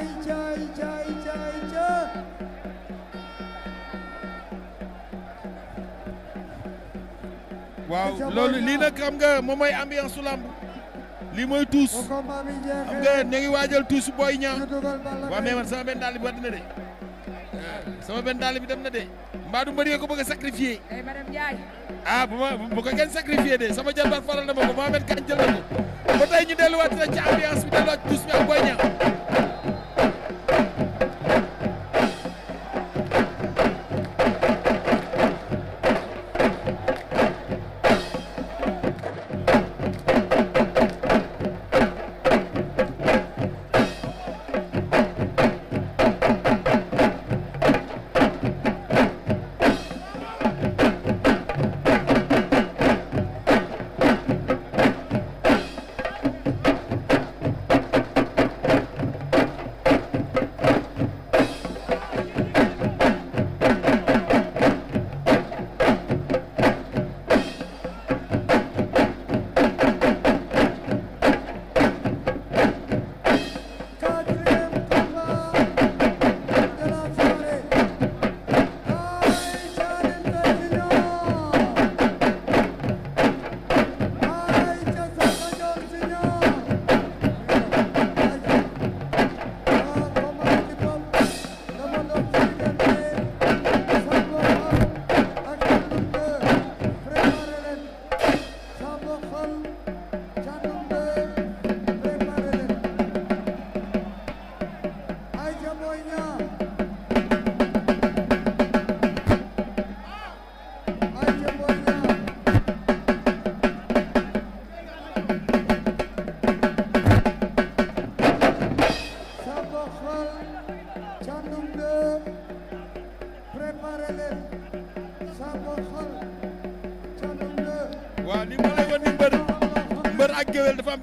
idzie, idzie, waaw loolu lii nag xam nga moom mooy ambiance su lii mooy tuus xam nga ñu ngi waajal tuus booy ñaa waaw mais man sama benn daal bi war na de eh, sama benn dàll bi dem na de mbaa du mbëri ko bëgg a sacrifié ah bu ma bu ko kenn sacrifié de sama jarbaat faral na ma ko Mohamed Kañ jëlal ko ba tey ñu delluwaat ci ambiance bi delluwaat tuus bi ak booy ñaa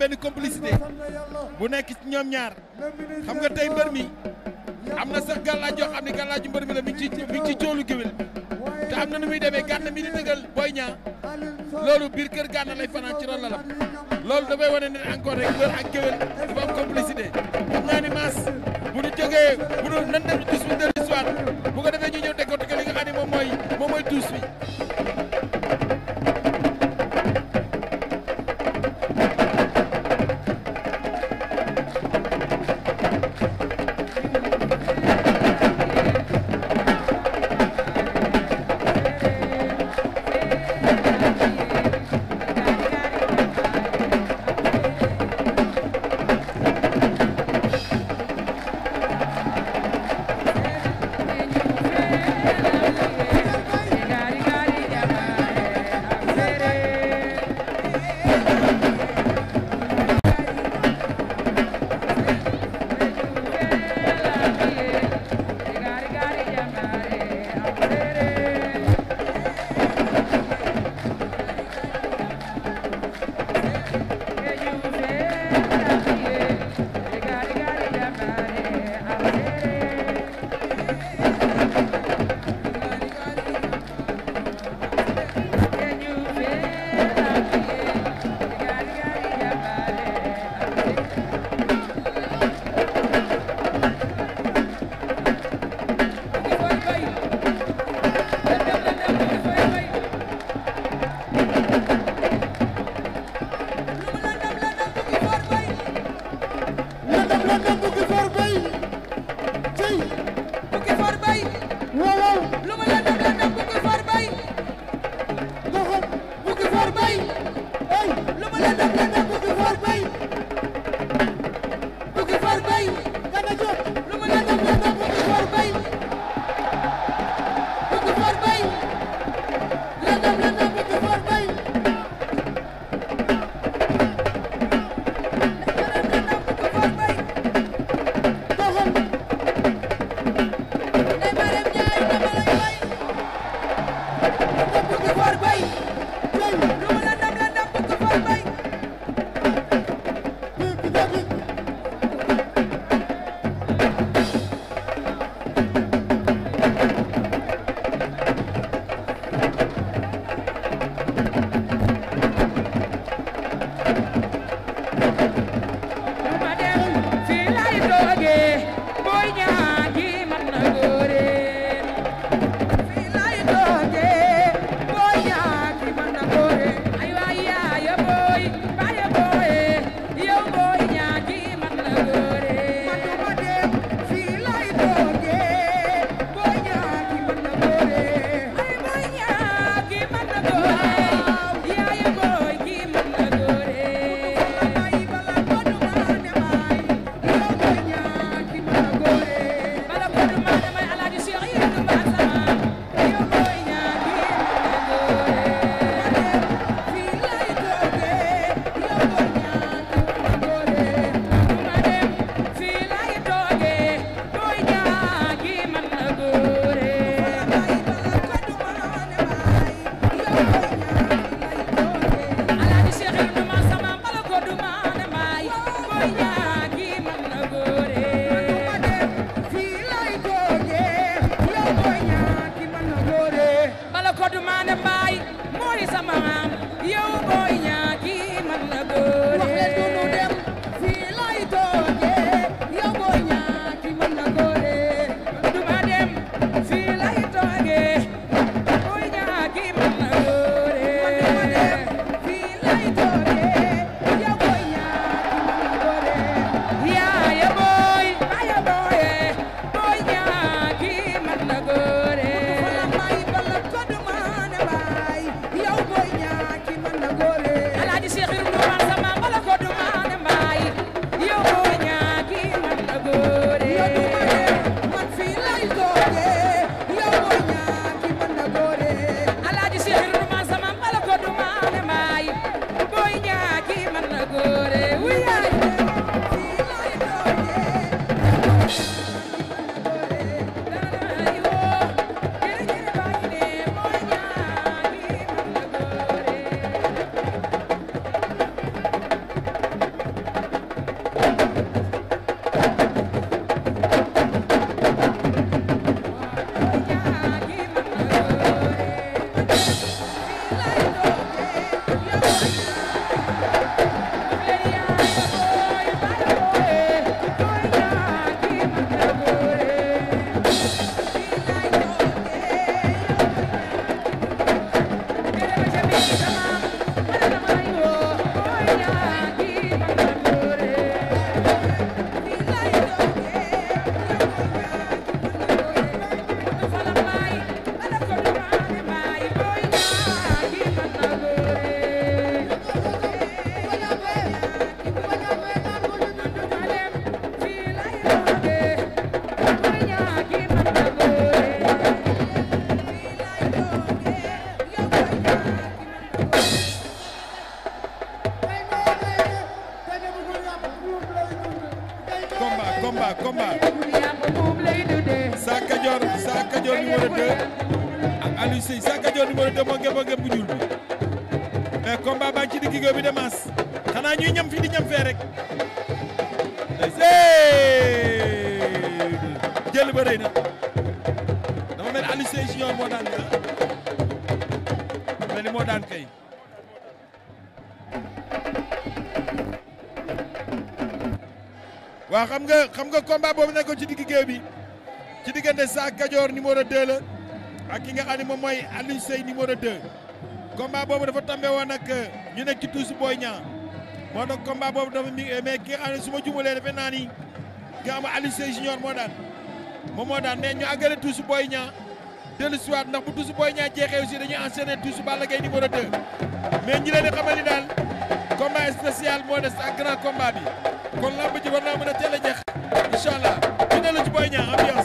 benn complicité bu nekk ci ñoom ñaar xam nga tey mbër mi am na sax gàllaaj yoo xam ne gàllaaju mbër mi la mi ngi ci mi ngi ci coolu géwél te am na nu muy demee gànn mi di dëggal Boy Niang loolu biir kër gànn lay fanaan ci ron la la loolu dafay wane ne encore rek mbër ak géwél dafa am complicité xam naa ni maas bu ñu jógee bu ñu nan dem bis bu dellu bu ko defee ñu ñëw décortiquer li nga xam ne moom mooy moom mooy tuus bi combat combat Sa Cadior Sa Cadior numéro 2 ak Aliou Seye Sa Cadior numéro 2 moo ngi moo ngi bu ñuul bi mais combat baa ngi ci digg bi de maas xanaa ñuy ñam fi di ñam fee rek jël ba rëy na dama mel Aliou Seye junior moo daan mel ni moo daan kay. waaw xam nga xam nga combat boobu nekkoon ci digg géew bi ci diggante Sa Kajoor numéro 2 la ak ki nga xam ne moom mooy Alioune Seye numéro 2. combat boobu dafa tàmbee woon nag euh, ñu nekk ci tuuti booy ñaa moo tax combat boobu dafa mi euh, mais ki nga xam su ma jumalee defe naa ni nga xam Alioune Seye moo daan moom moo daan mais ñu àggale tuuti booy ñaa dellu si waat ndax bu tuuti booy ñaa jeexee aussi dañuy enchaîner tuuti Balla Gaye numéro 2. mais ñi leen di daal combat kon lamb ji war mën a teel a jeex incha allah ñu ne la ci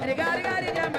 ഹരികാരികാരി ഞാൻ